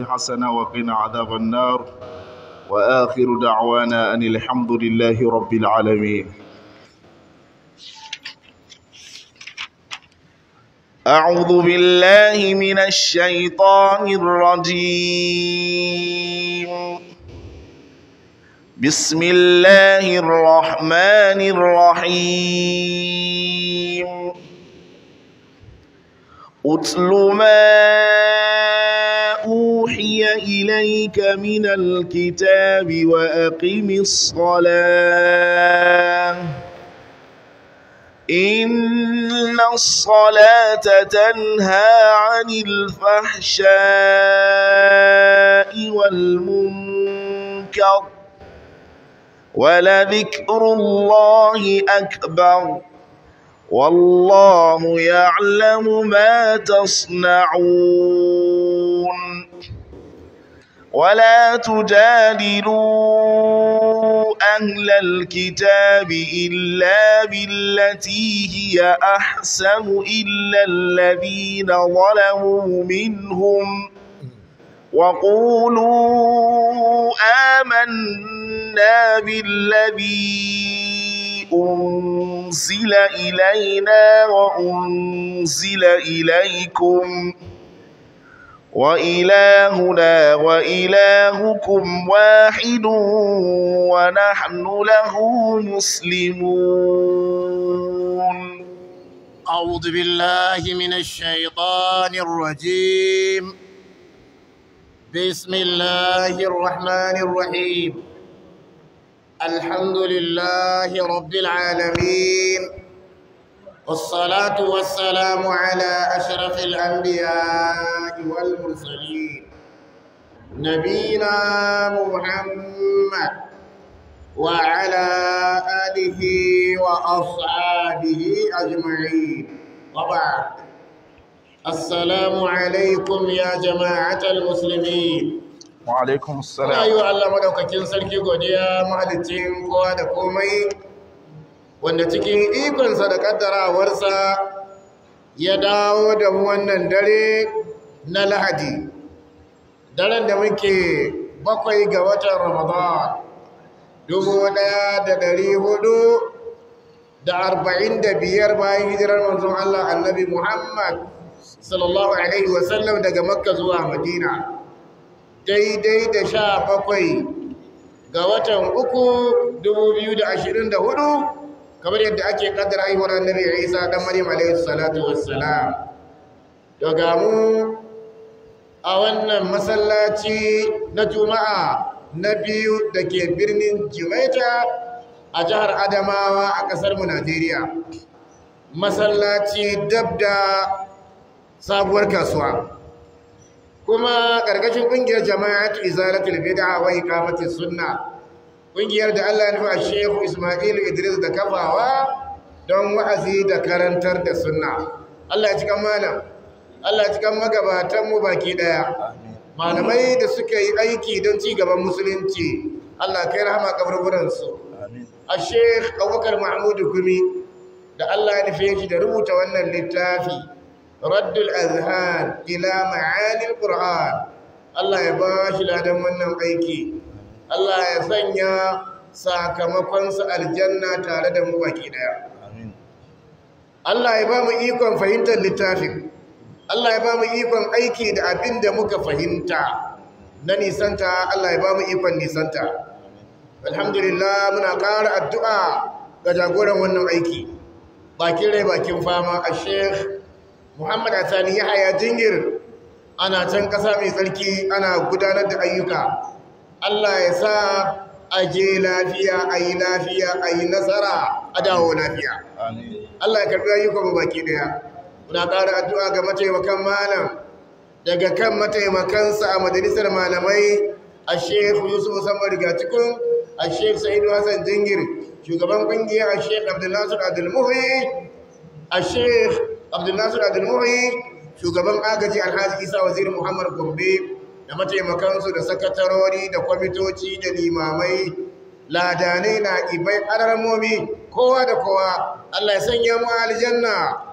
حسنة وقنا عذاب النار وآخر دعوانا أن الحمد لله رب العالمين أعوذ بالله من الشيطان الرجيم بسم الله الرحمن الرحيم أتل ما أوحي إليك من الكتاب وأقم الصلاة إن الصلاة تنهى عن الفحشاء والمنكر ولذكر الله أكبر والله يعلم ما تصنعون ولا تجادلوا أهل الكتاب إلا بالتي هي أحسن إلا الذين ظلموا منهم وقولوا آمنا بالذي أنزل إلينا وأنزل إليكم ۖ وإلهنا وإلهكم واحد ونحن له مسلمون أعوذ بالله من الشيطان الرجيم بسم الله الرحمن الرحيم الحمد لله رب العالمين والصلاة والسلام على أشرف الأنبياء والمرسلين نبينا محمد وعلى آله وأصحابه أجمعين وبعد السلام عليكم يا جماعة المسلمين وعليكم السلام أيها الله مدوكاكين سلكي قديا مهدتين قواد قومي wanda cikin ikonsa da kaddarawarsa ya dawo da wannan dare na lahadi daren da muke bakwai ga watan ramadan dubu daya da dari hudu da arba'in da biyar bayan hijirar manzon Allah annabi Muhammad sallallahu alaihi wasallam daga makka zuwa madina daidai da sha bakwai ga watan uku dubu biyu da ashirin da hudu kamar yadda ake kaddara haihuwar annabi isa dan maryam alaihi salatu wassalam daga mu a wannan masallaci na juma'a na biyu da ke birnin jimaita a jihar adamawa a ƙasarmu najeriya masallaci dab da sabuwar kasuwa kuma ƙarƙashin ƙungiyar jama'a jama'at izalatul a wani kamatin suna. ƙungiyar da Allah ya nufa Shehu Isma'il Idris da kafawa don wa'azi da karantar da suna. Allah ya ci malam Allah cikin mu baki daya malamai da suka yi aiki don ci gaban musulunci Allah kai rahama su a sheikh abubakar mahmudu kumi? da Allah ya nufe shi da rubuta wannan littafi raddul azhan ila ma'anil qur'an Allah ya ba shi ladan wannan aiki Allah ya sanya sakamakonsa aljanna tare da mu baki daya Allah ya ba mu ikon fahimtar littafin Allah ya ba mu ikon aiki da abin da muka fahimta na nisanta Allah ya ba mu ikon nisanta alhamdulillah muna ƙara addu'a ga jagoran wannan aiki bakin rai bakin fama a sheikh muhammad atani ya haya jingir ana can ƙasa mai tsarki ana gudanar da ayyuka Allah ya sa a je lafiya a yi lafiya a yi nasara a dawo lafiya Allah ya karɓi ayyukan baki ɗaya muna ƙara addu'a ga mataimakan malam daga kan mataimakansa a majalisar malamai a shehu yusuf samar rigatikun a shehu sa'idu hassan jingir shugaban ƙungiyar a shehu abdullasuр Adulmuhi, a Adulmuhi, shugaban agaji alhaji isa wazir muhammad gombe da mataimakansu da sakatarori da kwamitoci da limamai ladanai na ibai alarmomi kowa da kowa allah ya sanya mu aljanna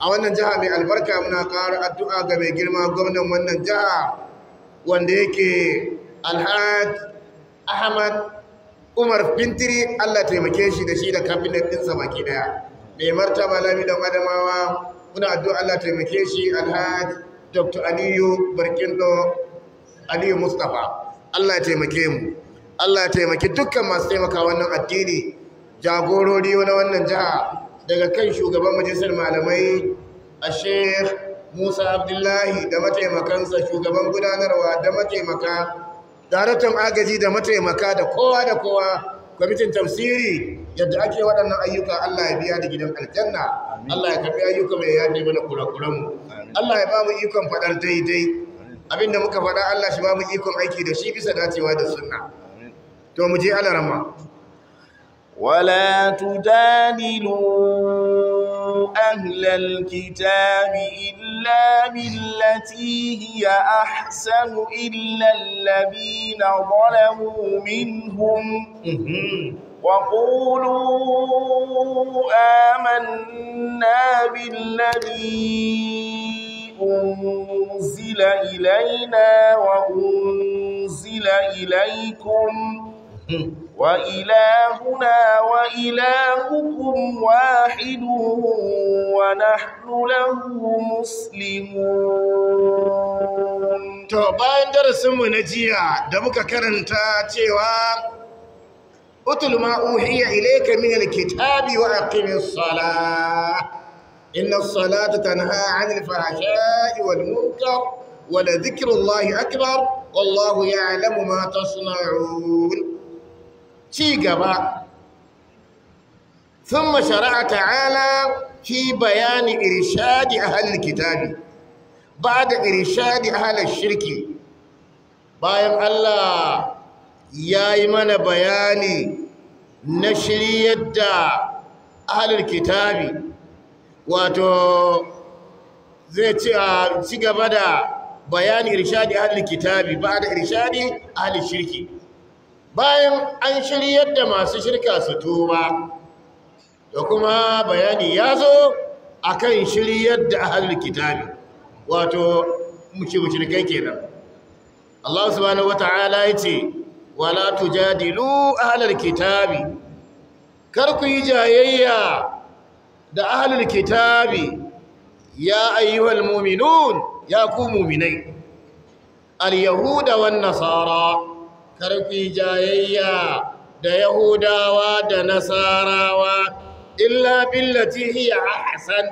a wannan jiha mai albarka muna ƙara addu'a ga mai girma gwamnan wannan jiha wanda yake alhaj ahmad umar bintiri allah taimake shi da shi da kabinet ɗinsa baki ɗaya mai martaba lami da adamawa muna addu'a allah taimake shi alhaj dr aliyu barkindo aliyu mustapha allah taimake mu allah taimake dukkan masu taimaka wannan addini jagorori na wannan jiha daga kan shugaban majalisar malamai a sheikh musa abdullahi da mataimakansa shugaban gudanarwa da mataimaka daraktan agaji da mataimaka da kowa da kowa kwamitin tafsiri yadda ake waɗannan ayyuka Allah ya biya da gidan aljanna Allah ya karbi ayyuka mai yaje mana kurakuranmu Allah ya ba mu ikon faɗar daidai abinda muka faɗa Allah shi ba mu ikon aiki da shi bisa dacewa da sunna to mu je alarama ولا تجادلوا أهل الكتاب إلا بالتي هي أحسن إلا الذين ظلموا منهم وقولوا آمنا بالذي أنزل إلينا وأنزل إليكم وإلهنا وإلهكم واحد ونحن له مسلمون to bayan darasinmu na jiya da muka karanta cewa utul ma uhiya ilayka min alkitabi wa aqimis salah inna as-salata tanha 'anil fahsha'i wal munkar wa la dhikrullahi akbar wallahu ya'lamu ma tasna'un ci gaba sun shara'a ta'ala fi bayani irshadi halin kitabi ba'da irshadi halin shirki bayan Allah yayi mana bayani na shiryar da halin kitabi wato zai ci a ci gaba da bayani irshadi halin kitabi ba'da irshadi halin shirki bayan an shiryar da masu shirka su tuba da kuma bayani ya zo a kan shiryar da ahalin kitabi wato mushrikai kenan Allah subhanahu wa ta'ala ya ce wala tujadilu ahalar kitabi kar ku yi jayayya da ahalar kitabi ya ayyuhal muminun ya ku muminai al-yahuda wan nasara kar ku yi jayayya da yahudawa da nasarawa illa billati hiya ahsan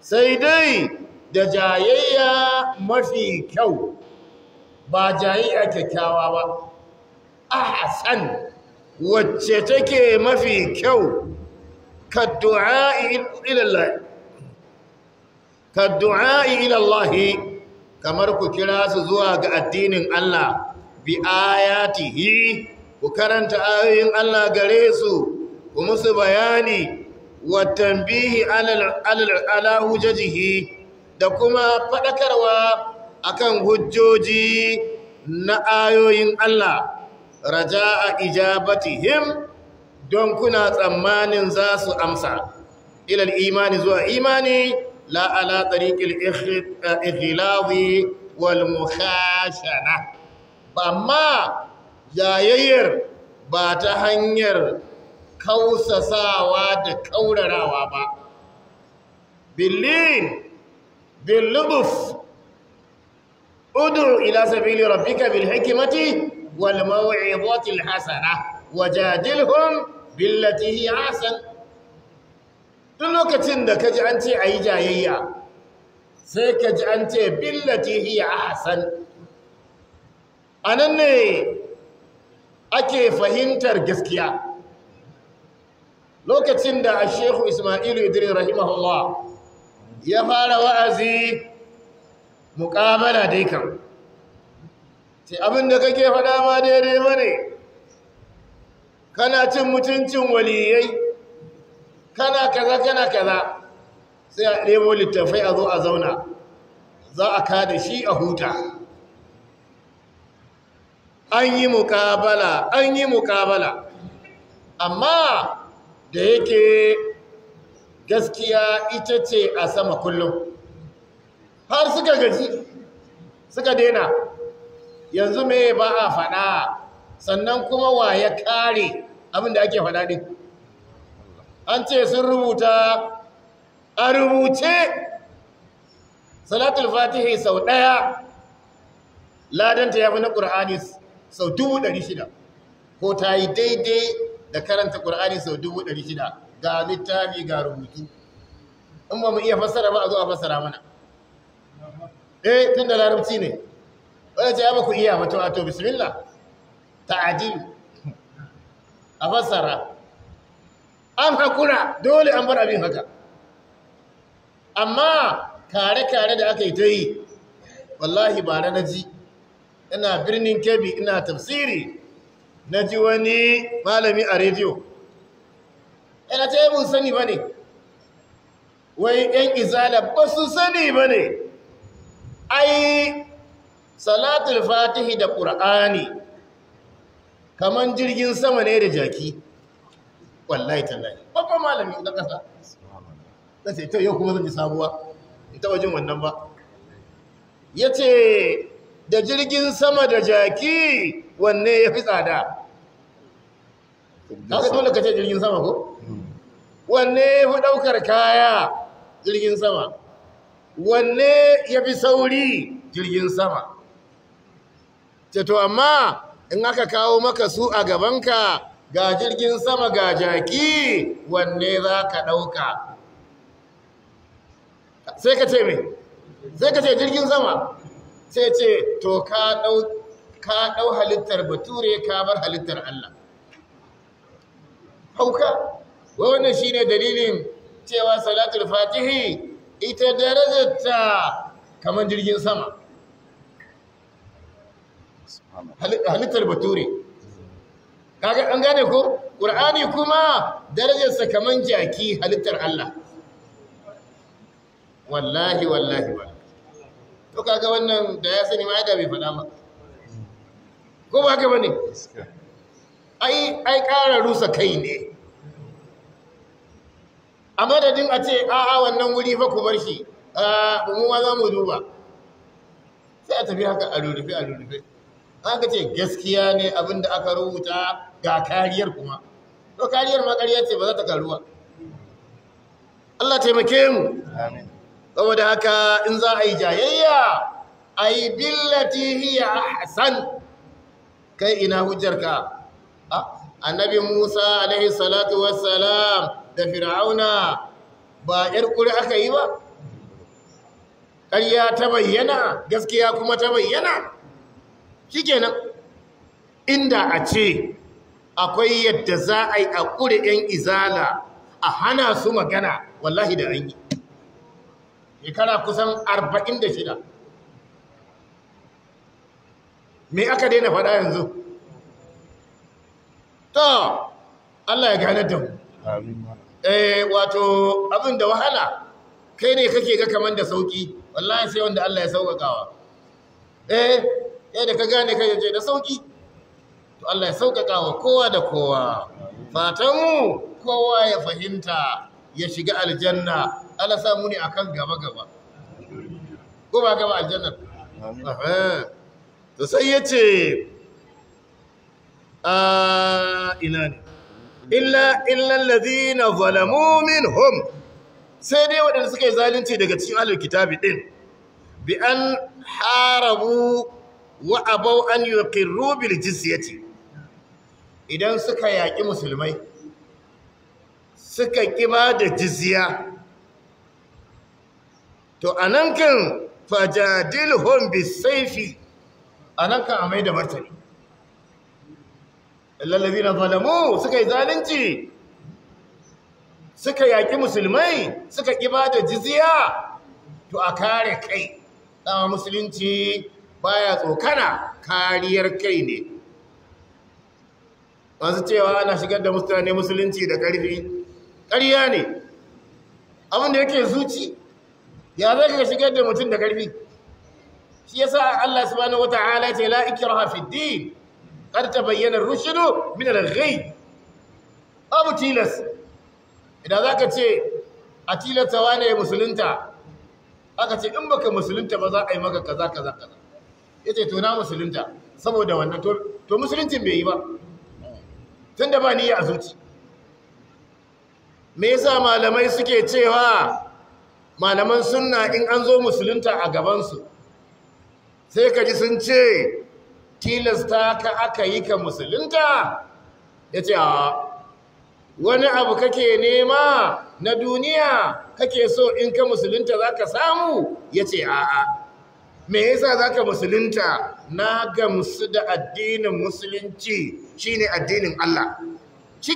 sai dai da jayayya mafi kyau ba jayayya kyakkyawa ba ahsan wacce take mafi kyau ka du'a'i ila Allah ka ila Allah kamar ku kira su zuwa ga addinin Allah bi ayatihi ku karanta ayoyin Allah gare su ku musu bayani wa tambihi ala hujjajihi da kuma faɗakarwa akan hujjoji na ayoyin Allah raja'a ijabatihim don kuna tsammanin za su amsa ilal imani zuwa imani la ala tariqil eh, ikhlawi wal mukhashana amma yayayyar ba ta hanyar kausasawa da kaurarawa ba billin billubuf udur ila sabili rabbika bil hikmati wal maw'izati hasana wajadilhum billati hi hasan duk lokacin da kaji an ce ayi jayayya sai kaji an ce billati hi hasan a nan ne ake fahimtar gaskiya lokacin da a shehu ismailu idris rahimahullah ya fara wa'azi muƙamala dai kan ce abinda kake faɗa ma daidai mane kana cin mutuncin waliyai kana kaza kana kaza sai a ɗebo littafai a zo a zauna za a kada shi a huta an yi mukabala an yi mukabala amma da yake gaskiya ita ce a sama kullum har suka gaji suka dena yanzu me ba a faɗa? sannan kuma wa ya kare abinda ake faɗa din an ce sun rubuta a rubuce salatul fatihi sau ɗaya. ladanta ya fi na ƙur'anis sau dubu ɗari shida ko ta yi daidai da karanta ƙur'ani sau dubu ɗari shida ga littafi ga rubutu in ba mu iya fassara ba a zo a fassara mana eh tun da larabci ne wadda ce ya ba ku iya wato wato bismillah ta'adil a fassara an hakura dole an bar abin haka amma kare-kare da aka yi ta yi wallahi ba na ji ina birnin kebi ina tafsiri na ji wani malami a rediyo ina ta yi sani ba ne wai yan izala ba su sani ba ne ai salatul fatihi da ƙur'ani kamar jirgin sama ne da jaki wallahi tallahi babban malami na ƙasa ta ce ta yau kuma zan ji sabuwa ita wajen wannan ba ya ce da jirgin sama da jaki wanne ya fi tsada Ka dole ka ce jirgin sama ko wanne ya fi ɗaukar kaya jirgin sama wanne ya fi sauri jirgin sama to amma in aka kawo maka su a gabanka ga jirgin sama ga jaki wanne za ka ɗauka sai ka ce mai sai ka ce jirgin sama sai ce to ka ɗau halittar bature ka bar halittar Allah hauka wannan ne dalilin cewa salatul fatihi ita darajarta kamar jirgin sama halittar bature kaga an gane ko ƙur'ani kuma darajarsa kamar jaki halittar Allah wallahi wallahi wallahi to kaga wannan da ya sani ma da bai faɗa ba ko ba ka bane ai ai ƙara rusa kai ne a madadin a ce a'a wannan wuri fa ku bar shi a mu ma za mu duba sai a tafi haka a rurrufe a rurrufe ka ce gaskiya ne abin da aka rubuta ga kariyar kuma to kariyar ma kariya ce ba za ta karuwa Allah taimake mu amin saboda haka in za a yi jayayya a yi billati hiya Hassan? kai ina hujjarka annabi musa alaihi salatu wassalam da fir'auna ba yar kuri aka yi ba ƙarya ta bayyana gaskiya kuma ta bayyana kenan inda a ce akwai yadda za a yi a ƙuri 'yan izala a hana su magana wallahi da an shekara kusan 46 me aka daina faɗa yanzu ta Allah ya gane da mu eh, wato abin da wahala kai ne kake ga kamar da sauki wallahi sai wanda Allah ya saukakawa eh yadda ka gane kai je da sauki to Allah ya saukakawa kowa da kowa fatan mu kowa ya fahimta ya shiga aljanna Allah mu ne akan gaba gaba ko ba gaba aljanna eh. to sai yace a ina ne illa illa alladhina zalamu minhum sai dai waɗanda suka yi zalunci daga cikin ahlul kitabi din bi an harabu wa abau an yuqirru bil jizyati idan suka yaki musulmai suka kiba da jizya to anan kan fajadilhum bisayfi anan kan amai da martani allazina zalamu suka yi zalunci suka yaki musulmai suka kiba da jizya to a kare kai dama musulunci baya tsokana kariyar kai ne masu cewa ana shigar da mutane musulunci da ƙarfi. ƙarya ne abin da yake zuci ya za ka shigar da mutum da ƙarfi shi ya sa Allah subhanahu wata'ala ce la ikraha fi din kar ta bayyana rushdu min al abu tilas idan za ka ce a tilasta wane musulunta aka ce in baka musulunta ba za a yi maka kaza kaza kaza yace to na musulunta saboda wannan to musuluncin bai yi ba tunda ba niyya a zuci me yasa malamai suke cewa malaman sunna in an zo musulunta a gabansu sai ka ji sun ce tilasta ka aka yi ka musulunta ya ce wani abu kake nema na duniya kake so in ka musulunta za ka samu ya ce a'a me yasa za ka musulunta na gamsu da addinin musulunci shine addinin Allah shi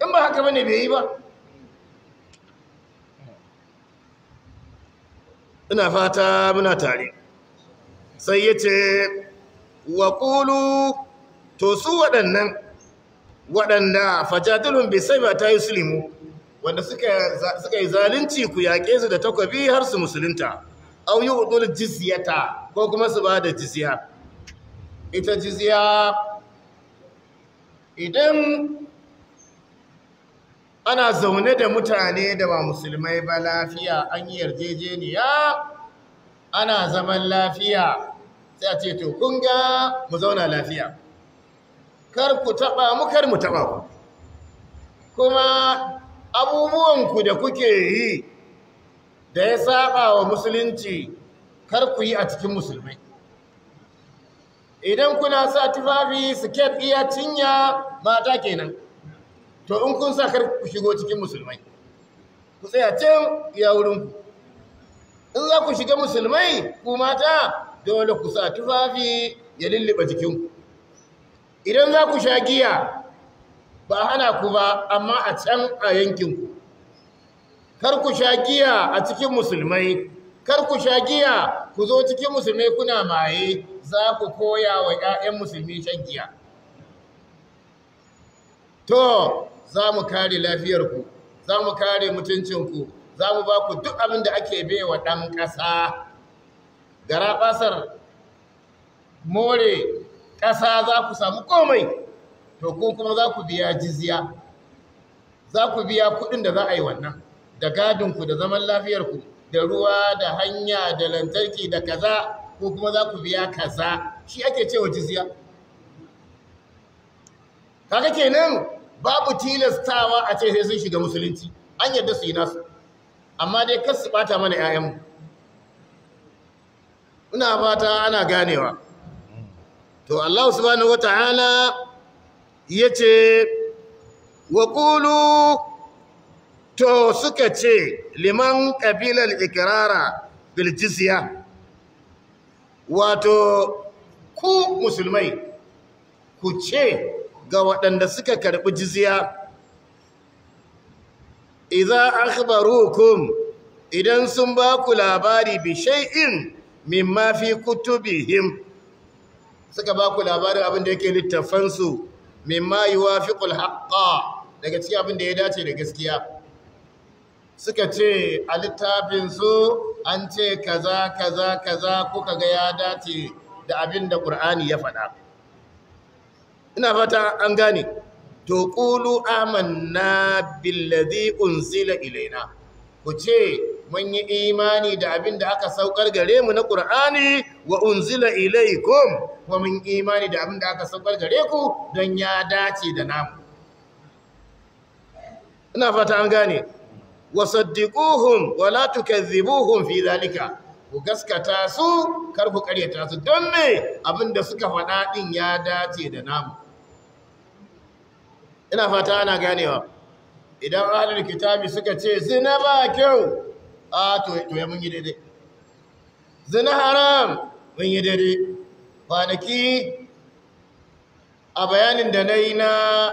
in ba haka bane bai yi ba ina fata muna tare sai ya ce wa ƙulu to su waɗannan waɗanda bai sai ba ta yi sulimu wanda suka yi zalunci ku yaƙe su da takwabi har su musulunta au yi hudul jiziyata ko kuma su ba da jiziya ita jiziya idan ana zaune da mutane da ba musulmai ba lafiya an yi yarjejeniya ana zaman lafiya sai a ce to kunga ga mu zauna lafiya kar ku taba mu kar mu taba ku kuma abubuwanku da kuke yi da ya saba wa musulunci kar ku yi a cikin musulmai idan kuna sa tufafi siket iya cinya mata kenan to in kun sa kar ku shigo cikin musulmai ku tsaya can wurin ku. in za ku shiga musulmai ku mata dole ku sa tufafi ya lullube jikinku idan za ku sha giya ba hana ku ba amma a can a yankin ku. kar ku sha giya a cikin musulmai kar ku sha giya ku zo cikin musulmai kuna maye za ku koya wa 'ya'yan musulmi shan giya to za mu kare lafiyarku za mu kare mutuncinku za mu ba ku duk abin da ake baiwa ɗan ƙasa gara ƙasar more ƙasa za ku samu komai to kun kuma za ku biya jizya za ku biya kuɗin da za a yi wannan da gadinku da zaman lafiyarku da ruwa da hanya da lantarki da kaza ko kuma za ku biya kaza shi ake cewa jizya kaga kenan babu tilastawa a ce sai sun shiga musulunci an yadda su yi nasu amma dai kar su bata mana 'ya'yanmu ina fata ana ganewa to Allah subhanahu wata'ala yace wa qulu to suka ce liman qabilal ikrara biljiziya? wato ku musulmai ku ce ga waɗanda suka karɓi jiziya, idza akhbarukum idan sun ba ku labari bi shay'in mimma fi kutubihim suka ba ku labarin abin da yake littafan su mimma yuwafiqul haqqa daga cikin abin da ya dace da gaskiya suka ce a littafinsu su an ce kaza kaza kaza kuka ga ya dace da abin da ya faɗa ina fata an gane to kulu amanna billadhi unzila ilaina ku ce mun yi imani da abin da aka saukar gare mu na ƙur'ani wa unzila ilaikum wa mun imani da abin da aka saukar gare ku don ya dace da namu ina fata an gane wasaddiquhum wala la tukadhibuhum fi zalika ku gaskata su kar ku karyata su don me abin da suka faɗa din ya dace da namu ina fata ana ganewa idan ahlul kitabi suka ce zina ba kyau a to ya mun yi daidai zina haram mun yi daidai kwanaki a bayanin da na yi na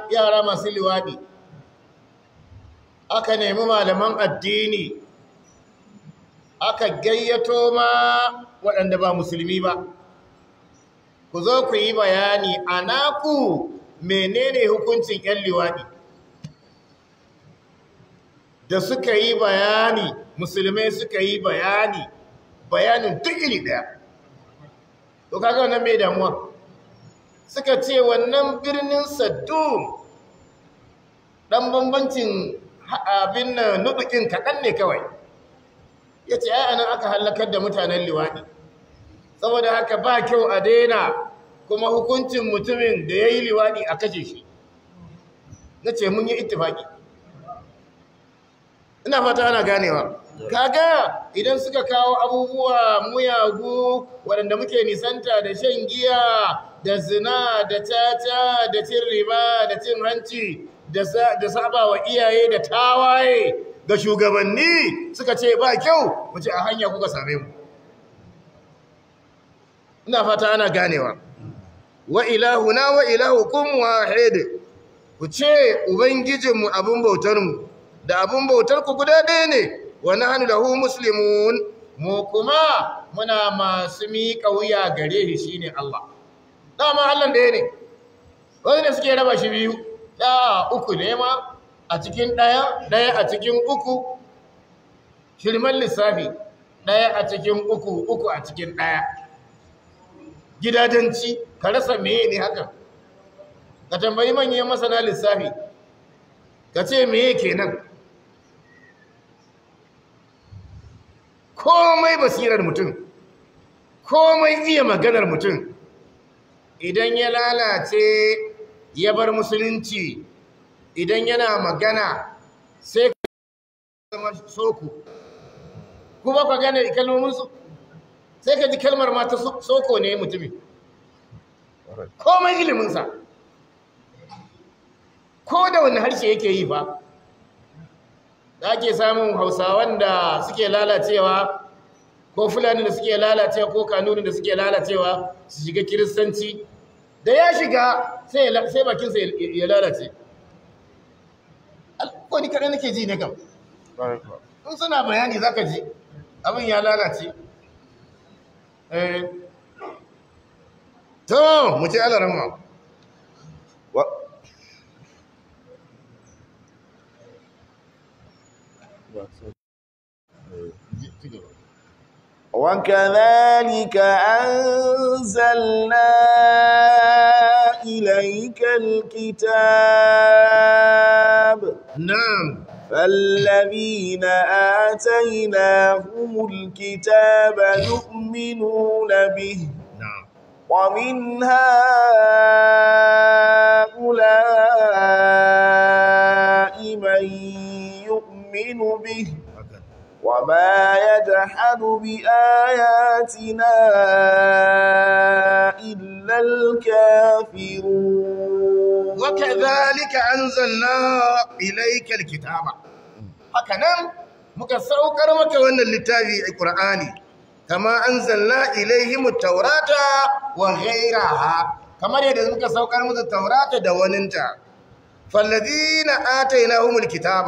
yara masu liwaɗi aka nemi malaman addini aka gayyato ma waɗanda ba musulmi ba ku zo ku yi bayani a naku menene hukuncin 'yan liwaɗi da suka yi bayani musulmai suka yi bayani bayanin duk iri ɗaya to kaga wannan mai damuwa suka ce wannan birnin saddum ɗan bambancin abin na nuɗuƙin kaɗan ne kawai ya ce ai anan aka hallakar da mutanen liwaɗi saboda haka ba kyau a daina kuma hukuncin mutumin da ya yi liwaɗi a kashe shi na ce mun yi ittifaki ina fata ana ganewa kaga idan suka kawo abubuwa muyagu waɗanda muke nisanta da shan giya da zina da caca da cin riba da cin hanci da saba wa iyaye da tawaye da shugabanni suka ce ba kyau mace a hanya kuka same mu ina fata ana ganewa wa ilahuna wa ilahukum wahid ku ce ubangijinmu abin bautarmu da abin bautar ku guda ɗaya ne wa nahnu lahu muslimun mu kuma muna masu miƙa wuya gare shi shine Allah dama Allah ɗaya ne wanda suke raba shi biyu da uku ne ma a cikin ɗaya ɗaya a cikin uku shirman lissafi ɗaya a cikin uku uku a cikin ɗaya gidajenci ka rasa meye ne haka ka tambayi manyan masana lissafi ka ce meye kenan komai basirar mutum komai iya maganar mutum idan ya lalace ya bar musulunci idan yana magana sai ka zama soku kuma ka gane kalmominsu sai ka ji kalmar ma soko ne mutumin komai iliminsa ko da wani harshe yake yi ba da ake samun hausawan da suke lalacewa ko fulani da suke lalacewa ko kanuni da suke lalacewa su shiga kiristanci da ya shiga sai bakinsa ya lalace alkwani kaɗan nake ji na gam in suna bayani za ka ji abin ya lalace to mu ce alaran ma وكذلك أنزلنا إليك الكتاب نعم فالذين آتيناهم الكتاب يؤمنون به نعم. ومن هؤلاء من يؤمن به وما يجحد بآياتنا إلا الكافرون وكذلك أنزلنا إليك الكتاب هكذا مكسعو كرمك وأن اللتابي القرآني كما أنزلنا إليهم التوراة وغيرها كما يدى مكسعو كرمك التوراة دوننتا فالذين آتيناهم الكتاب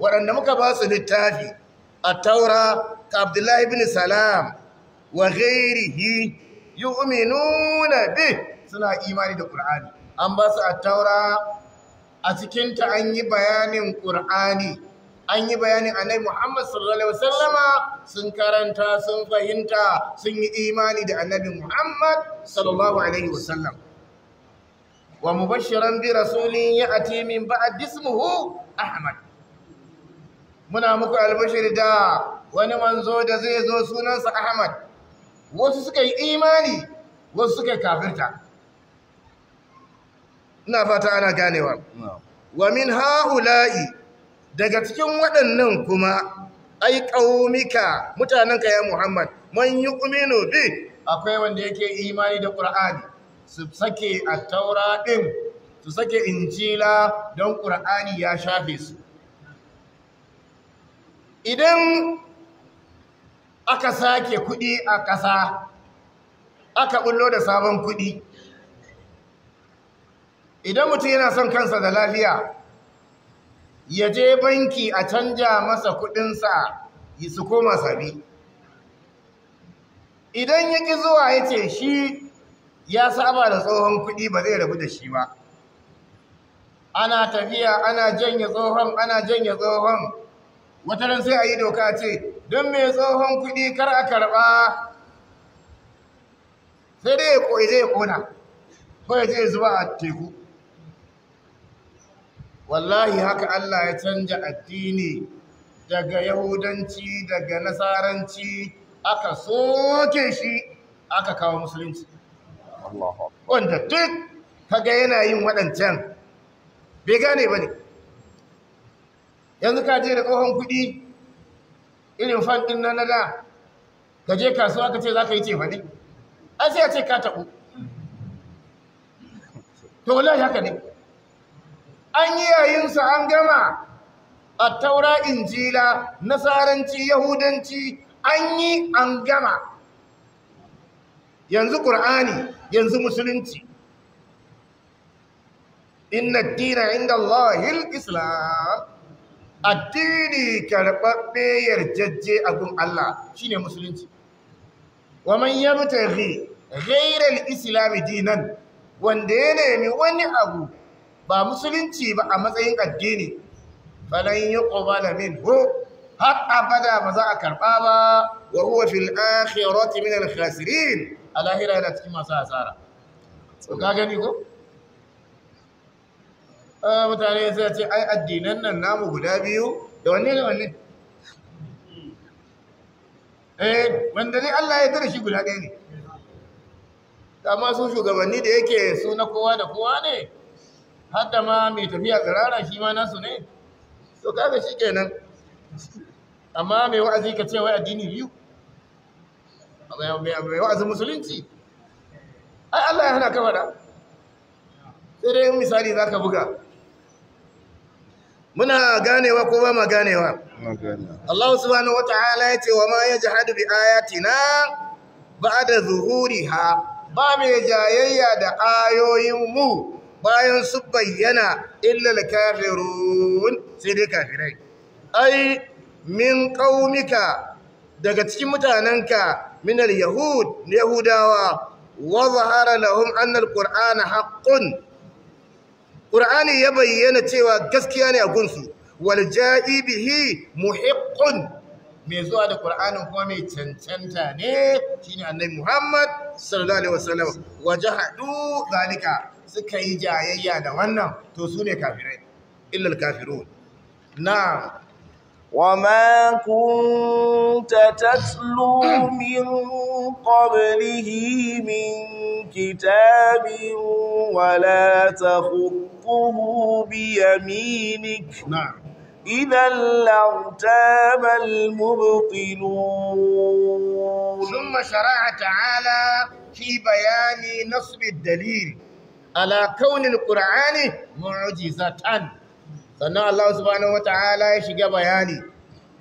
وأن مكباس للتابي التوراة كعبد الله بن سلام وغيره يؤمنون به سنة إيمان القرآن أما التوراة أتكنت أني بيان القرآن an yi bayanin annabi Muhammad sallallahu alaihi wasallama sun karanta sun fahimta sun yi imani da annabi Muhammad sallallahu alaihi wasallam wa mubashiran bi rasulin atimin min ba'd ismihi Ahmad muna muku albashir da wani manzo da zai zo sunansa Ahmad wasu suka yi imani wasu suka yi kafirta ina fata ana ganewa wa min haula'i daga cikin waɗannan kuma ai qaumika mutananka ya Muhammad man yu'minu bi akwai wanda yake imani da Qur'ani su sake at-taura din su sake injila don Qur'ani ya shafe su idan aka sake kuɗi a ƙasa aka bullo da sabon kuɗi idan mutum yana son kansa da lafiya ya je banki a canja masa kuɗinsa su koma sabi idan ya ƙi zuwa ya ce shi ya saba da tsohon kuɗi ba zai rabu da shi ba ana tafiya ana janye tsohon ana janye tsohon wata ran sai a yi doka ce don mai tsohon kuɗi kar a karba sai dai ya koyi zai kona ko ya ce zuba a teku wallahi haka Allah ya canja addini daga yahudanci daga nasaranci aka soke shi aka kawo musulunci wanda duk kaga yana yin waɗancan bai gane ba ne yanzu ka je da tsohon kuɗi irin fan ɗin na nada ka je kasuwa ka ce za ka yi ce faɗi a sai ce ka taɓu to wallahi haka ne an yi sa an gama a taura injila nasaranci yahudanci an yi an gama yanzu ƙur'ani yanzu musulunci inna dina inda Allah islam addini karɓaɓɓe yarjejje a gun Allah shine musulunci wa man yabtaghi yi al islami dinan wanda ya nemi wani abu ba musulunci ba a matsayin addini falan min min har abada ba za a karɓa ba wa huwa fil akhirati min al-khasirin yana cikin masu hasara ka gani ko Ah, mutane sai ce ai addinan nan namu guda biyu da wanne da wanne eh wanda ne Allah ya tare shi guda ɗaya ne amma su shugabanni da yake su na kowa da kowa ne har da ma mai tafiya tsirara shi ma nasu ne to kaga shi kenan amma mai wa'azi ka ce wai addini biyu mai wa'azin musulunci ai Allah ya hana ka sai dai misali za ka buga muna ganewa ko ba ma ganewa Allah subhanahu wata'ala ya ce wa ma yajhadu bi ayatina ba'da zuhuriha ba mai jayayya da ayoyin mu bayan su bayyana illa al-kafirun sai dai kafirai ai min qaumika daga cikin mutanenka min al-yahud yahudawa wa zahara lahum anna al-qur'ana haqqun Qur'ani ya bayyana cewa gaskiya ne a gunsu wal ja'i bihi mai zuwa da ƙur'ani kuma mai cancanta ne shine Annabi Muhammad sallallahu alaihi Waje haɗu, zalika suka yi jayayya da wannan to su ne kafirai illal kafirun na'am وما كنت تتلو من قبله من كتاب ولا تخطه بيمينك نعم إذا لارتاب المبطلون ثم شرع تعالى في بيان نصب الدليل على كون القرآن معجزة sannan Allah subhanahu wata'ala ya shiga bayani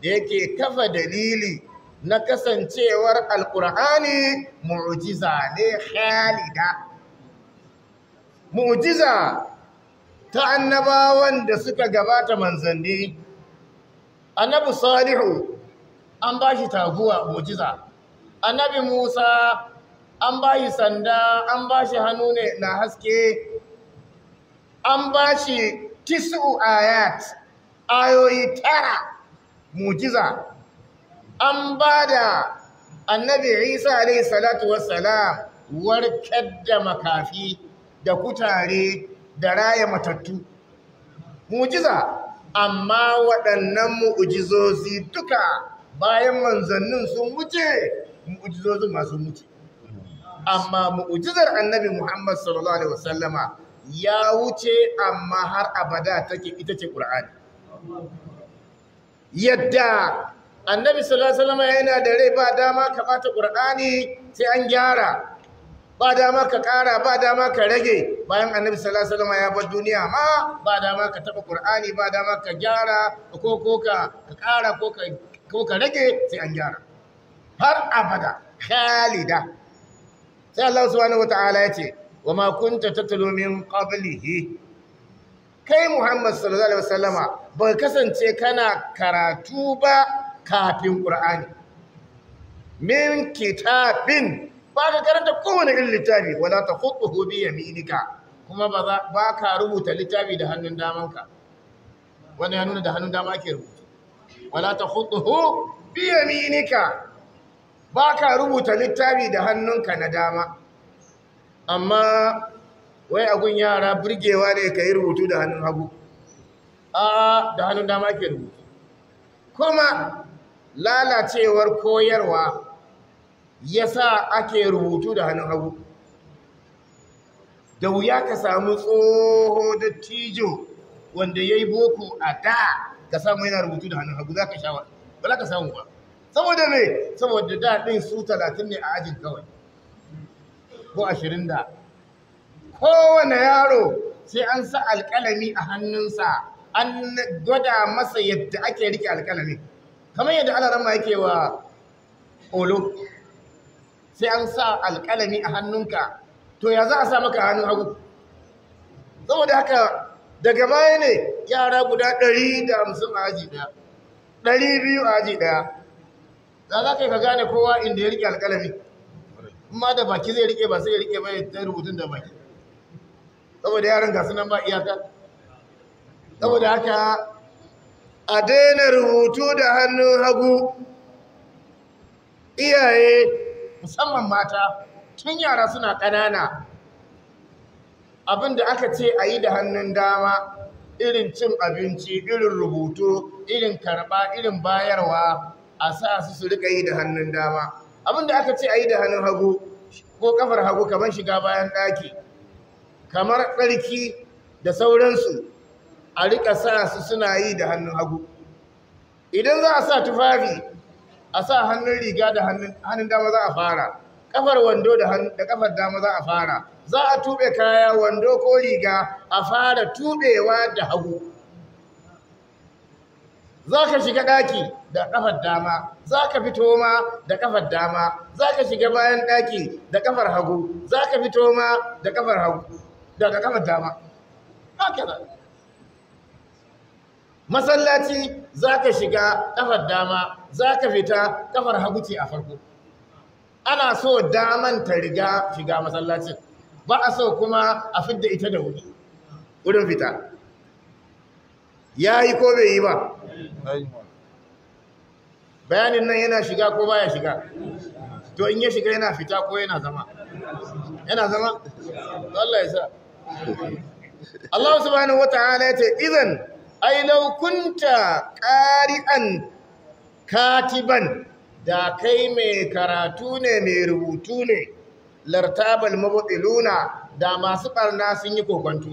da yake kafa dalili na kasancewar alkur'ani mu'jiza ne halida mu'jiza ta annabawan da suka gabata manzanni annabi salihu an ba shi taguwa mu'jiza annabi musa an ba shi sanda an ba shi hannu ne na haske an ba shi tis'u ayat ayoyi tara mujiza an ba da annabi Isa alayhi salatu wassalam warkar da makafi da kutare da raya matattu mujiza amma waɗannan mu'ujizozi duka bayan manzannin sun wuce mu'ujizozin masu wuce amma mu'ujizar annabi Muhammad sallallahu alaihi wasallama ya wuce amma har abada take ita ce ƙur'ani yadda annabi sallallahu yana da rai ba dama ka bata ƙur'ani sai an gyara ba dama ka ƙara ba dama ka rage bayan annabi sallallahu ya bar duniya ma ba dama ka taɓa ƙur'ani ba dama ka gyara ko ko ka ƙara ko ka rage sai an gyara har abada khalida sai Allah subhanahu wataala ya ce wa ma kunta tatlu min qablihi kai Muhammad sallallahu alaihi wasallama bai kasance kana karatu ba kafin Qur'ani min kitabin ba ka karanta kowane irin littafi wala ta taqutuhu bi yaminika kuma ba ka rubuta littafi da hannun damanka wanda ya nuna da hannun dama ke rubuta wala ta taqutuhu bi yaminika ba ka rubuta littafi da hannunka na dama amma wai agun yara burgewa ne ka yi rubutu da hannun hagu a da hannun dama ke rubutu kuma lalacewar koyarwa ya sa ake rubutu da hannun hagu da wuya ka samu tsoho da tijo wanda ya yi boko a da ka samu yana rubutu da hannun hagu za ka wa ba za ka samu ba saboda ne saboda daɗin su talatin ne a ajin kawai ko ashirin da kowane yaro sai an sa alkalami a hannunsa an gwada masa yadda ake rike alƙalami kamar yadda alarama yake wa olo sai an sa alƙalami a hannunka to ya za a sa maka hannun hagu saboda haka daga baya ne yara guda ɗari da hamsin a aji ɗaya ɗari biyu a aji ɗaya za za ka yi ka gane kowa inda ya rike alkalami ma da baki zai rike ba sai ya rike bai ta rubutun da baki saboda yaran ga sunan ba iyaka saboda haka a daina rubutu da hannun hagu iyaye musamman mata tun yara suna ƙanana abin da aka ce a yi da hannun dama irin cin abinci irin rubutu irin karɓa irin bayarwa a sa su su riƙa yi da hannun dama abin da aka ce a yi da hannun hagu ko kafar hagu kamar shiga bayan ɗaki kamar tsarki da sauransu a riƙa sa su suna yi da hannun hagu idan za a sa tufafi a sa hannun riga da hannun dama za a fara kafar wando da kafar dama za a fara za a tuɓe kaya wando ko riga a fara tuɓewa da hagu za ka shiga ɗaki da ƙafar dama za ka fito ma da ƙafar dama za ka shiga bayan ɗaki da ƙafar hagu za ka fito ma da ƙafar hagu daga ƙafar dama masallaci za ka shiga ƙafar dama za ka fita ƙafar hagu ce a farko ana so daman ta riga shiga masallacin ba a so kuma a fidda ita da wuri wurin fita ya yi ko bai yi ba bayanin nan yana shiga ko ba ya shiga to in ya shiga yana fita ko yana zama yana zama Allah ya sa Allah subhanahu wata'ala ya ce idan ai law kunta qari'an katiban da kai mai karatu ne mai rubutu ne lartabal luna da masu ɓarna sun yi kokonto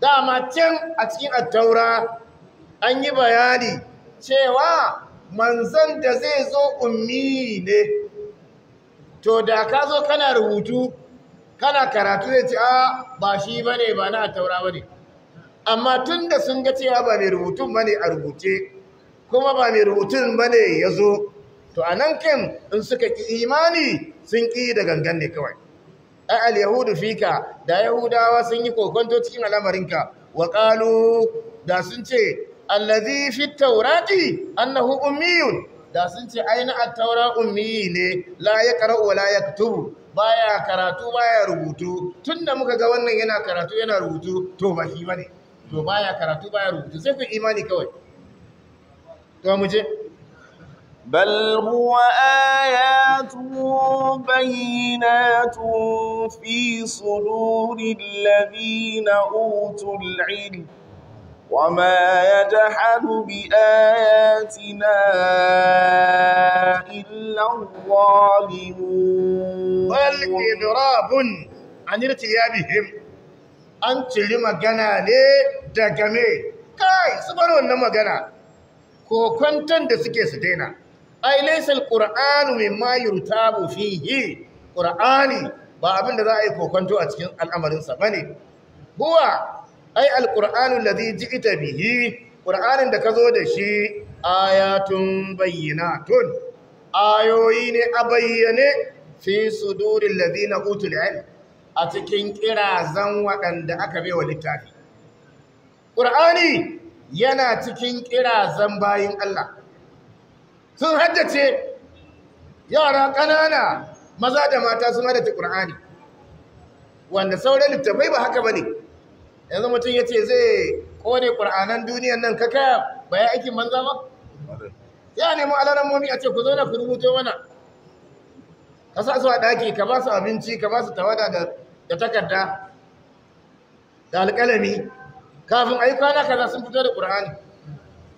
dama can a cikin attaura an yi bayani cewa manzan da zai zo ummi ne to da ka zo kana rubutu kana karatu zai ce a ba shi ba ne ba na attaura ba ne amma tun da sun ga cewa ba mai rubutun ba ne a rubuce kuma ba mai rubutun ba ne ya zo to a nan kin in suka ƙi imani sun ƙi da gangan ne kawai ai al-yahudu fika da yahudawa sun yi kokonto cikin al'amarinka wa qalu da sun ce allazi fi tawrati annahu ummiyun da sun ce aina at-taura ummiyi ne la yaqra'u wa la yaktubu baya karatu baya rubutu tunda muka ga wannan yana karatu yana rubutu to ba shi bane to baya karatu baya rubutu sai ku imani kawai to mu je بل هو آيات بينات في صدور الذين أوتوا العلم وما يجحد بآياتنا إلا الظالمون بل إضراب عن ارتيابهم أنت لما magana ne da game kai su bar wannan magana kokwanton da suke su daina ai laysa alqur'anu mimma yurtabu fihi qur'ani ba abin da za a yi kokonto a cikin al'amarin sa bane huwa ai alqur'anu alladhi ji'ta bihi qur'anin da ka zo da shi ayatun tun. ayoyi ne a bayyane fi sudurin ladina utul ilm a cikin kirazan waɗanda aka baiwa littafi ƙur'ani yana cikin kirazan bayin Allah sun haddace yara ƙanana maza da mata sun haddace ƙur'ani wanda sauran littafai ba haka ba ne yanzu mutum ya ce zai kone ƙur'anan duniyan nan kaka ya aikin manza ba ya nemi alaran momi a ce ku zauna ku rubuto mana ka sa su a ɗaki ka ba su abinci ka ba su tawada da takarda da alƙalami kafin ayi kwana kaza sun fito da ƙur'ani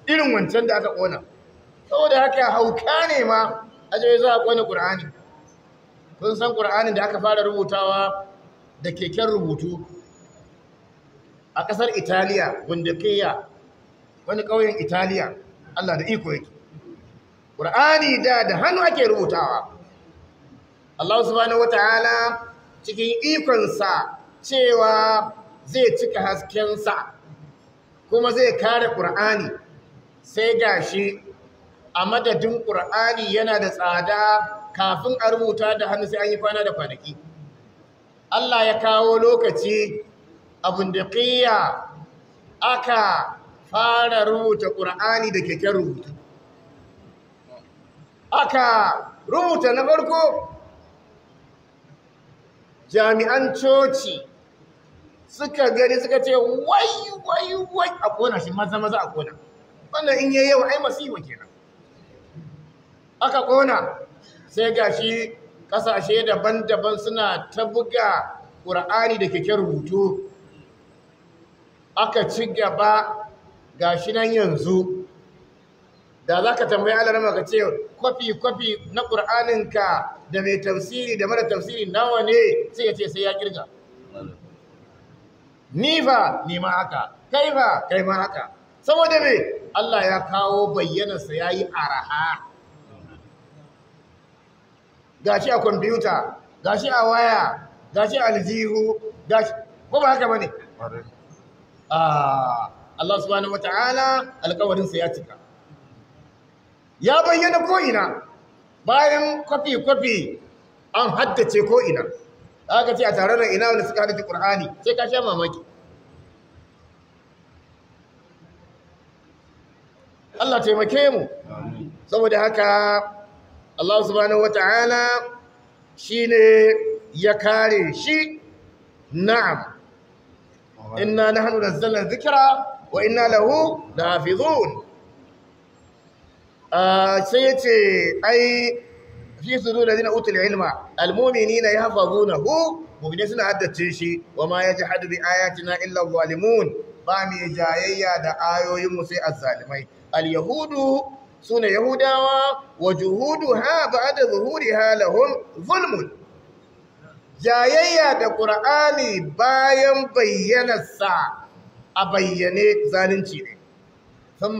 irin wancan da aka ƙona saboda haka hauka ne ma a je za a kone ƙur'ani kun san ƙur'anin da aka fara rubutawa da keken rubutu a ƙasar italiya gundakeya wani ƙauyen italiya allah da iko yake ƙur'ani da da hannu ake rubutawa allah wata wata'ala cikin ikonsa cewa zai cika haskensa kuma zai kare ƙur'ani sai gashi a madadin ƙur'ani yana da tsada kafin a rubuta da hannu sai an yi kwana da kwanaki Allah ya kawo lokaci abin da aka fara rubuta ƙur'ani da keken rubutu aka rubuta na farko jami'an coci suka gani suka ce wai wai wai a kona shi maza maza a kona wannan in yi yau ai masiwa kenan aka kona sai ga shi ƙasashe daban-daban suna ta buga ƙura'ani da keke rubutu aka ci gaba ga shi nan yanzu da za ka tambayi alarma ka ce kwafi-kwafi na ƙura'aninka da mai tafsiri da mara tafsiri nawa ne sai ya ce sai ya kirga ni ba ni ma haka kai ba kai haka saboda me Allah ya kawo bayyanarsa ya yi araha gashi a kwamfuta gashi a waya gashi a aljihu gashi ko ba haka bane a ah, Allah subhanahu wataala alƙawarin sa ya cika ya bayyana ko ina bayan kwafi kwafi an haddace ko ina aka ce a tare da ina wani suka haddace ƙur'ani sai ka sha mamaki Allah taimake mu saboda haka Allah subhanahu shi shine ya kare shi na'am inna nahnu zallar dhikra wa inna lahu lahafizun ah, sai ce ai fi sudur ladina utul ilma almu'minina yahfazunahu mu'mini suna haddace shi wa ma yajhadu bi ayatina illa walimun? ba mai jayayya da ayoyin mu sai azzalimai alyahudu Suna yahudawa wa juhuduha da zuhuri halahun zulmun jayayya da ƙur'ani bayan bayyanarsa a bayyane zalunci ne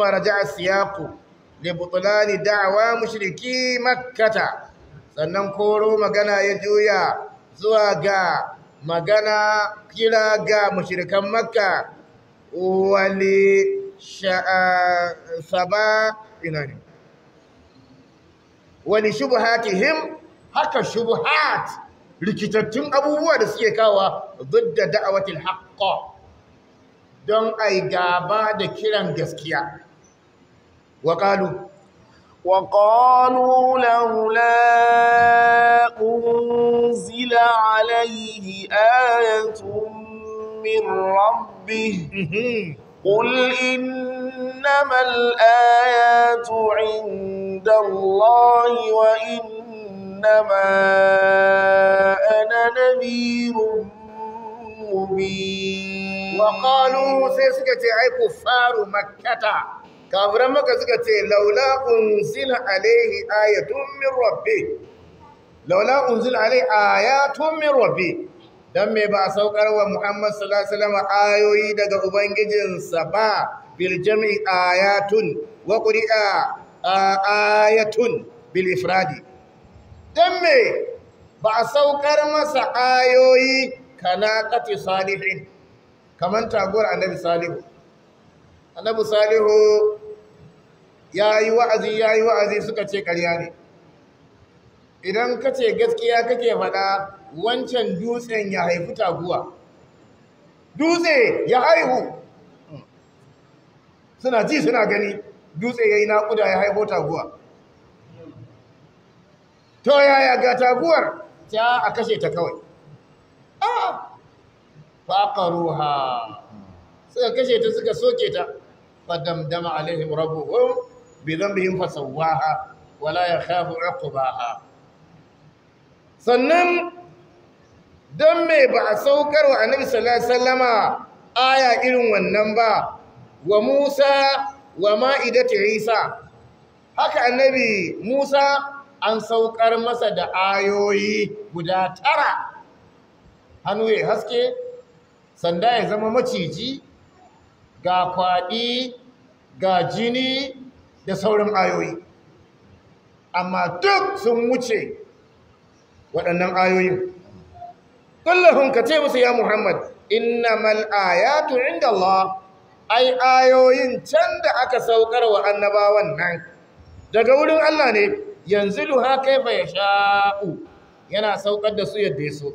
a raja'a siyaqu li butlani da'awa mushriki makata, sannan koro magana ya juya zuwa ga magana kira ga mushrikan makka wali saba ina ne wani shubuhatihim haka shubuhat rikitattun abubuwa da suke kawa zudda da'awatil haƙƙo? don ai gaba da kiran gaskiya wa qalu وقالوا لولا أنزل عليه آية من ربه قل إنما الآيات عند الله وإنما أنا نذير مبين وقالوا سيسكت أي كفار مكة kafiran maka suka ce laula unzila alaihi ayatun min rabbi laula unzila alaihi ayatun min rabbi dan mai ba a saukar wa Muhammad sallallahu alaihi wasallam ayoyi daga ubangijinsa ba bil jam'i ayatun wa quri'a ayatun bil ifradi dan me ba a saukar masa ayoyi kana qati salihin kaman taguwar annabi salihu annabi salihu ya wa'azi yayi wa'azi suka ce karya ne idan ka ce gaskiya kake faɗa wancan dutsen ya haifi taguwa dutse ya haihu suna ji suna gani dutse ya yi naƙuda ya haifo taguwa to yaya ga taguwar ta a kashe ta kawai a ha suka kashe ta suka soke ta fadamdama alaihim rabbuhum bi yin dhanbihim ha wala ba ha sannan don me ba a saukar wa annabi sallallahu alaihi aya irin wannan ba wa Musa wa ma'idati Isa haka annabi Musa an saukar masa da ayoyi guda tara hannu ya haske sanda ya zama maciji ga kwaɗi ga jini da sauran ayoyi amma duk sun wuce waɗannan ayoyin kullum ka ce musu ya Muhammad mal'aya ayatu inda Allah ai ayoyin can da aka saukar wa annabawan nan daga wurin Allah ne yanzu duha kaifa ya sha'u yana saukar da su yadda ya so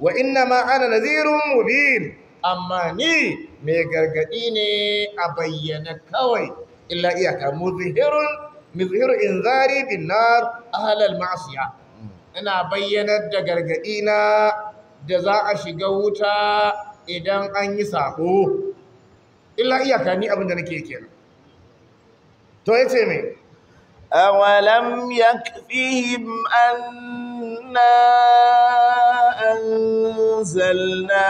wa inna ma ana nazirun mubin amma ni mai gargadi ne a bayyana kawai illa iyaka muzhirun muzhiru inzari bin nar ahlal ma'siya ina bayyanar da gargadi na da za a shiga wuta idan an yi sako illa iyaka ni abin da nake kenan to yace me awalam yakfihim anna anzalna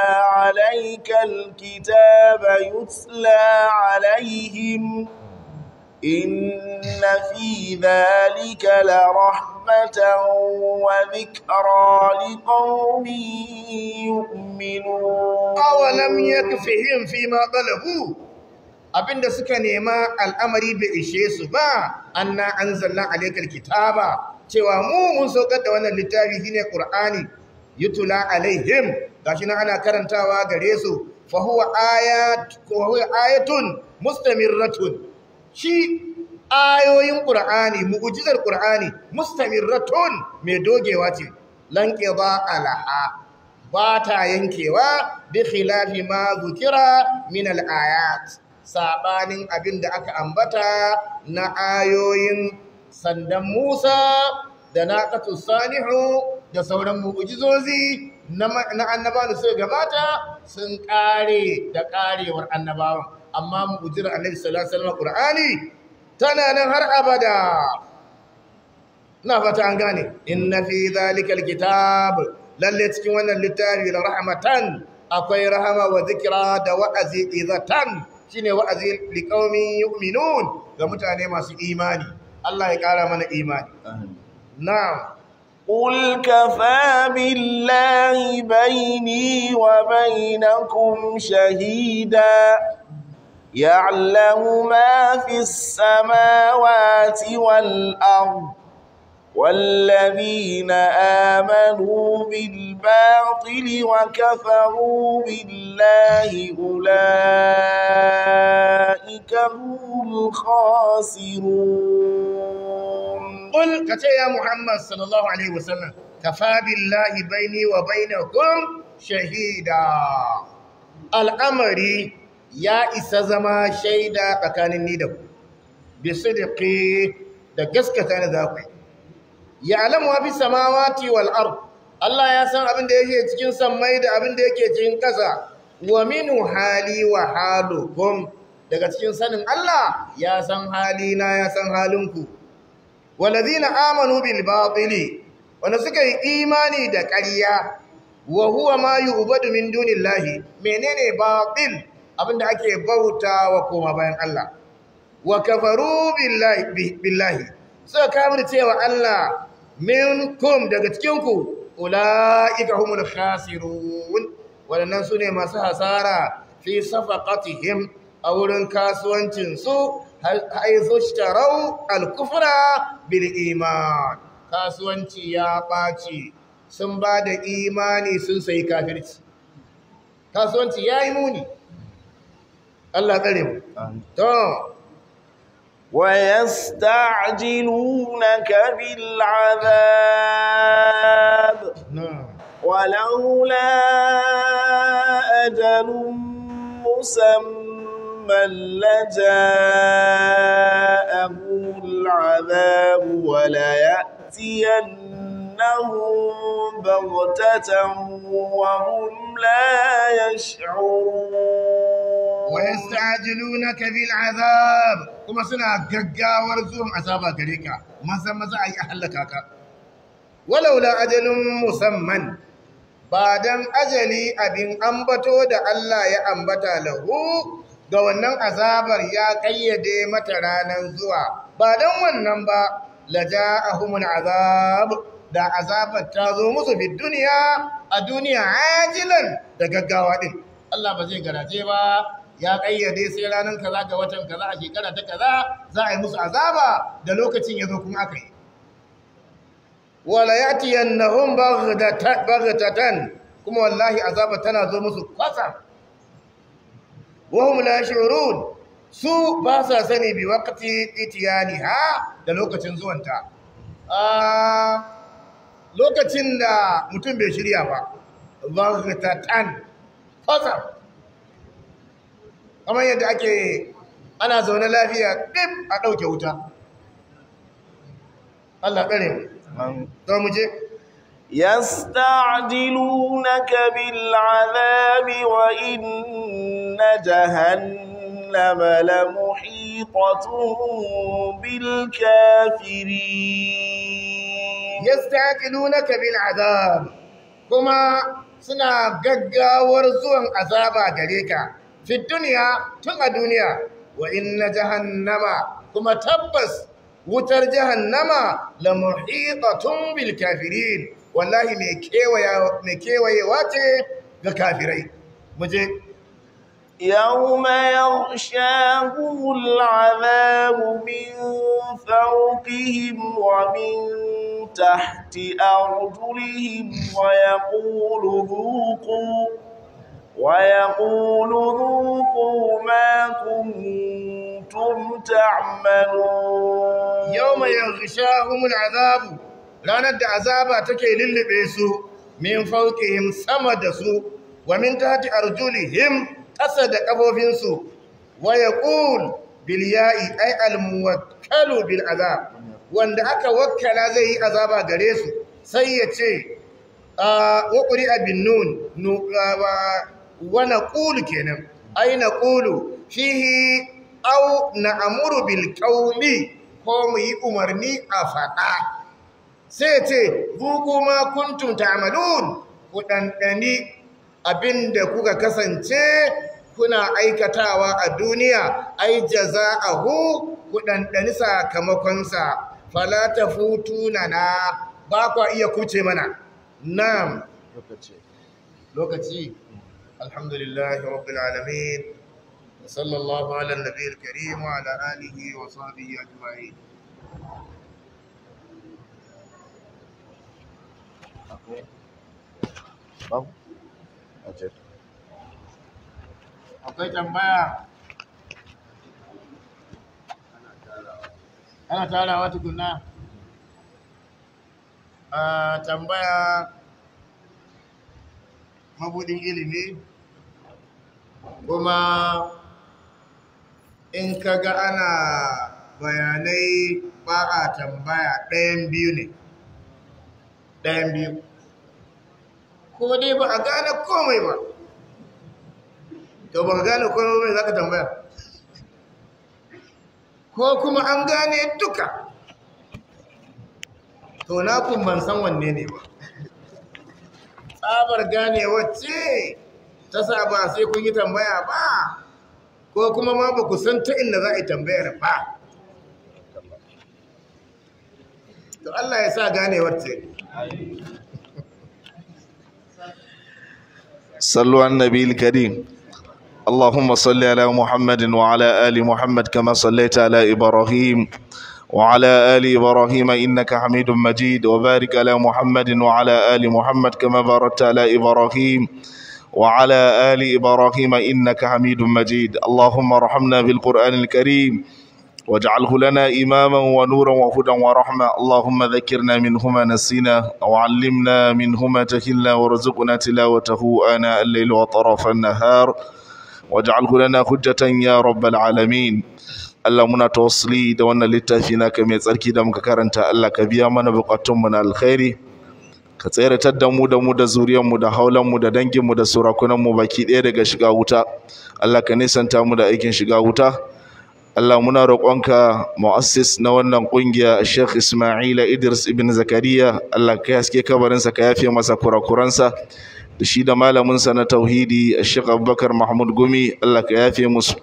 alayka alkitaba yutla alayhim inna fi dhalika la rahmatan رحمة وذكرى لقوم abinda suka nema al'amari bai ishe su ba anna anzalna alaykal ba, cewa mu mun saukar da wannan littafi shine qur'ani tula alaihim gashi nan ana karantawa gare su fa huwa ayat ayatun shi ayoyin ƙur'ani mu'ujizar ƙur'ani mustamirratun mai dogewa ce lanke ba alaha ba ta yankewa bi khilafi ma zukira min al'ayat ayat sabanin abin da aka ambata na ayoyin sandan Musa da naqatu sanihu da sauran mu'ujizozi na annaba da suka gabata sun ƙare da ƙarewar annabawan amma mu'ujizar annabi sallallahu alaihi wasallam Qur'ani tana nan har abada na fata an gane inna fi zalikal kitab lalle cikin wannan littafi la rahmatan akwai rahama wa zikra da wa'azi idatan shine wa'azi liqaumin yu'minun ga mutane masu imani Allah ya kara mana imani na'am قل كفى بالله بيني وبينكم شهيدا يعلم ما في السماوات والأرض والذين آمنوا بالباطل وكفروا بالله أولئك هم الخاسرون قل كتير يا محمد صلى الله عليه وسلم كفى بالله بيني وبينكم شهيدا الأمر ya isa zama shaida tsakanin ni da ku bi ke da gaskata ne za ku ya alamu fi samawati wal ard Allah ya san abin da yake cikin sammai da abin da yake cikin ƙasa wa minu hali wa halukum daga cikin sanin Allah ya san hali na ya san halinku walazina amanu bil batili wanda suka yi imani da ƙarya wa huwa ma yu'badu min dunillahi menene batil abinda ake bauta wa koma bayan Allah wa kafaru billahi suka kamar cewa Allah minkum daga cikinku ula'ika humul khasirun waɗannan su ne masu hasara fi safaqatihim a wurin kasuwancinsu haizu shtarau alkufra bil iman kasuwanci ya baci sun ba da imani sun sayi kafirci kasuwanci yayi muni الله tsare ويستعجلونك بالعذاب نعم. ولولا أجل مسمى لجاءهم العذاب وليأتينهم بغتة وهم لا يشعرون wa yastajilunaka bil azab kuma suna gaggawar zuwan azaba gare ka maza maza ayi halaka ka walaula ajalun musamman ba dan ajali abin ambato da Allah ya ambata lahu ga wannan azabar ya kayyade mata ranar zuwa ba don wannan ba laja ahumul azab da azabar tazo musu fi duniya a duniya ajilan da gaggawa ɗin. Allah ba zai garaje ba ya kayyade sai ranar kaza ga watan kaza a shekara ta kaza za a yi musu azaba da lokacin ya zo kuma aka yi wala yatiyannahum baghtatan kuma wallahi azaba tana zo musu kwasa wahum la shurun su ba sa sani bi waqti itiyani ha da lokacin zuwanta a lokacin da mutum bai shirya ba baghtatan kwasa kamar yadda ake ana zaune lafiya ɗin a ɗauke wuta Allah ɗare don mu je yasta'jilunaka bil azabi wa inna jahannama la muhitatun bil kafirin yasta'jilunaka bil azab kuma suna gaggawar zuwan azaba gare ka في الدنيا تنقى الدنيا وإن جهنم كما تبس وتر جهنم لمحيطة بالكافرين والله ميكيوي ميكيوي واتي كافرين مجيد يوم يغشاه العذاب من فوقهم ومن تحت أرجلهم ويقول ذوقوا ويقول ذوقوا ما كنتم تعملون يوم يغشاهم العذاب ranar da azaba take lullube su min fauqihim sama da su wa min tahti arjulihim ƙasa da kafofinsu wa yaqul bil ya'i ay al muwakkalu bil wanda aka wakkala zai yi azaba gare su sai ya ce wa quri'a bin nun Wani ƙulu kenan ai shi fihi Au na bil qawli ko mu yi umarni a faɗa sai ce buku ma kuntum ta'malun ku dandani abinda kuka kasance kuna aikatawa a duniya ai jaza'ahu ku dandani sakamakonsa fala tafutuna na ba kwa iya kuce mana Nam. lokaci lokaci الحمد لله رب العالمين وصلى الله على النبي الكريم وعلى آله وصحبه أجمعين akwai tambaya ana tarawa tukuna a tambaya mabudin ilimi kuma in ka ga ana bayanai ba a tambaya ɗayan biyu ne ɗayan biyu ko dai ba a gane komai ba to ba ka gane komai za ka tambaya ko kuma an gane duka to na kun ban san wanne ne ba tsabar gane wacce ta sa ba sai kun yi tambaya ba ko kuma ma ba ku san ta inda za a yi tambayar ba to Allah ya sa ganewar ce sallu annabi karim اللهم صل على محمد وعلى آل محمد كما صليت على إبراهيم وعلى آل إبراهيم إنك حميد مجيد وبارك على محمد وعلى آل محمد كما باركت على إبراهيم وعلى آل إبراهيم إنك حميد مجيد اللهم ارحمنا بالقرآن الكريم واجعله لنا إماما ونورا وهدى ورحمة اللهم ذكرنا منهما نسينا وعلمنا منهما جهلنا وارزقنا تلاوته آناء الليل وطرف النهار واجعله لنا حجة يا رب العالمين Allah muna tawassuli da wannan littafi naka mai tsarki da muka karanta Allah ka biya mana bukatunmu na alkhairi ka tseratar da mu da mu da zuriyarmu da haulanmu da danginmu da surakunanmu baki ɗaya daga shiga wuta Allah ka nisanta mu da aikin shiga wuta Allah muna roƙonka mu'assis na wannan ƙungiya Sheikh Ismaila Idris ibn Zakariya Allah ka haske kabarinsa ka yafe masa kurakuransa da shi da malaminsa na tauhidi Sheikh Abubakar Mahmud Gumi Allah ka yafe musu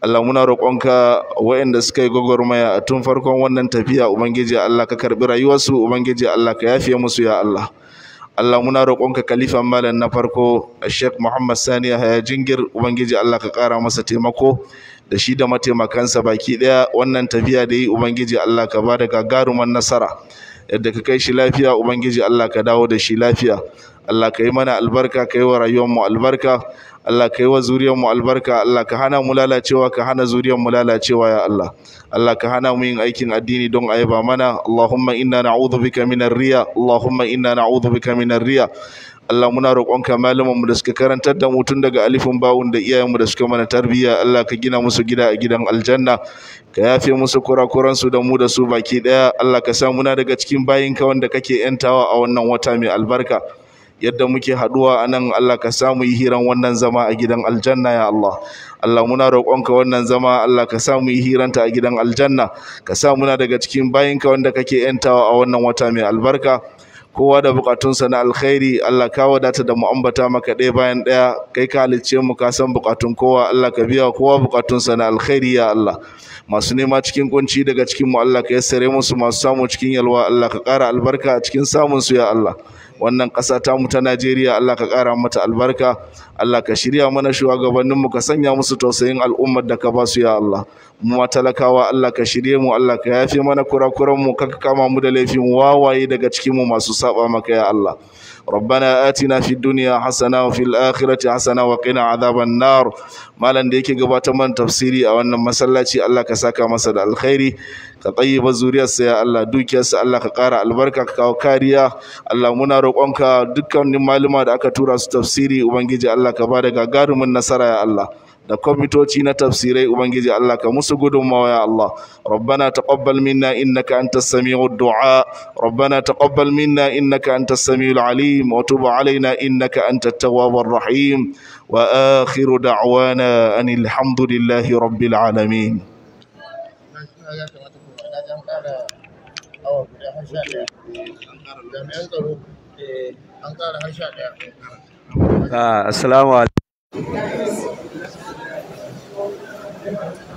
Allah muna roƙonka waɗanda suka yi gwagwarmaya tun farkon wannan tafiya Ubangiji Allah ka karɓi rayuwarsu Ubangiji Allah ka yafe musu ya Allah. Allah muna roƙonka kalifan malam na farko Sheikh Muhammad Sani Yahaya Jingir Ubangiji Allah ka ƙara masa taimako da shi da mataimakansa baki ɗaya wannan tafiya da yi Ubangiji Allah ka ba da gagaruman nasara. Yadda ka kai shi lafiya Ubangiji Allah ka dawo da shi lafiya. Allah ka yi mana albarka ka yi wa rayuwarmu albarka. Allah ka yi wa zuriyar mu albarka Allah ka hana mu lalacewa ka hana zuriyar mu lalacewa ya Allah Allah ka hana mu yin aikin addini don ayaba mana Allahumma inna na'udhu bika minar riya Allahumma inna na'udhu bika minar riya Allah muna roƙonka malamanmu da suka karantar da mu tun daga alifin bawun da iyayenmu da suka mana tarbiyya Allah ka gina musu gida a gidan aljanna ka yafe musu kurakuran su da mu da su baki daya Allah ka sa muna daga cikin bayinka wanda kake yantawa a wannan wata mai albarka yadda muke haduwa anan Allah ka samu yi hiran wannan zama a gidan aljanna ya Allah Allah muna roƙonka wannan zama Allah ka samu yi hiranta a gidan aljanna ka sa muna daga cikin bayinka wanda kake yantawa a wannan wata mai albarka kowa da bukatunsa na alkhairi Allah ka wadata da mu'ambata maka ɗaya bayan ɗaya kai ka halicce mu ka san bukatun kowa Allah ka biya kowa bukatunsa na alkhairi ya Allah masu nema cikin kunci daga cikin mu Allah ka yassare musu masu samu cikin yalwa Allah ka ƙara albarka a cikin samun su ya Allah wannan ƙasa ta mu ta Najeriya Allah ka ƙara mata albarka Allah ka shirya mana shugabanninmu ka sanya musu tausayin al'ummar da ka ba su ya Allah mu talakawa Allah ka shirye mu Allah ka yafe mana kurakuran mu ka kama mu da laifin wawaye daga cikin mu masu saba maka ya Allah rabbana atina fid duniya hasana wa fil akhirati hasana wa qina adhaban nar malan da yake gabatar man tafsiri a wannan masallaci Allah ka saka masa da alkhairi ka tayyiba zuriyarsa ya Allah dukiyarsa Allah ka kara albarka ka kawo kariya Allah muna roƙonka dukkanin maluma da aka tura su tafsiri ubangiji Allah ka bada gagarumin nasara ya Allah da kwamitoci na tafsirai ubangiji Allah ka musu gudunmawa ya Allah rabbana taqabbal minna innaka antas samiu du'a rabbana taqabbal minna innaka antas samiul alim wa tub alaina innaka antat tawwabur rahim wa akhiru da'wana anil hamdulillahi rabbil alamin ah, Assalamu alaikum. Thank you.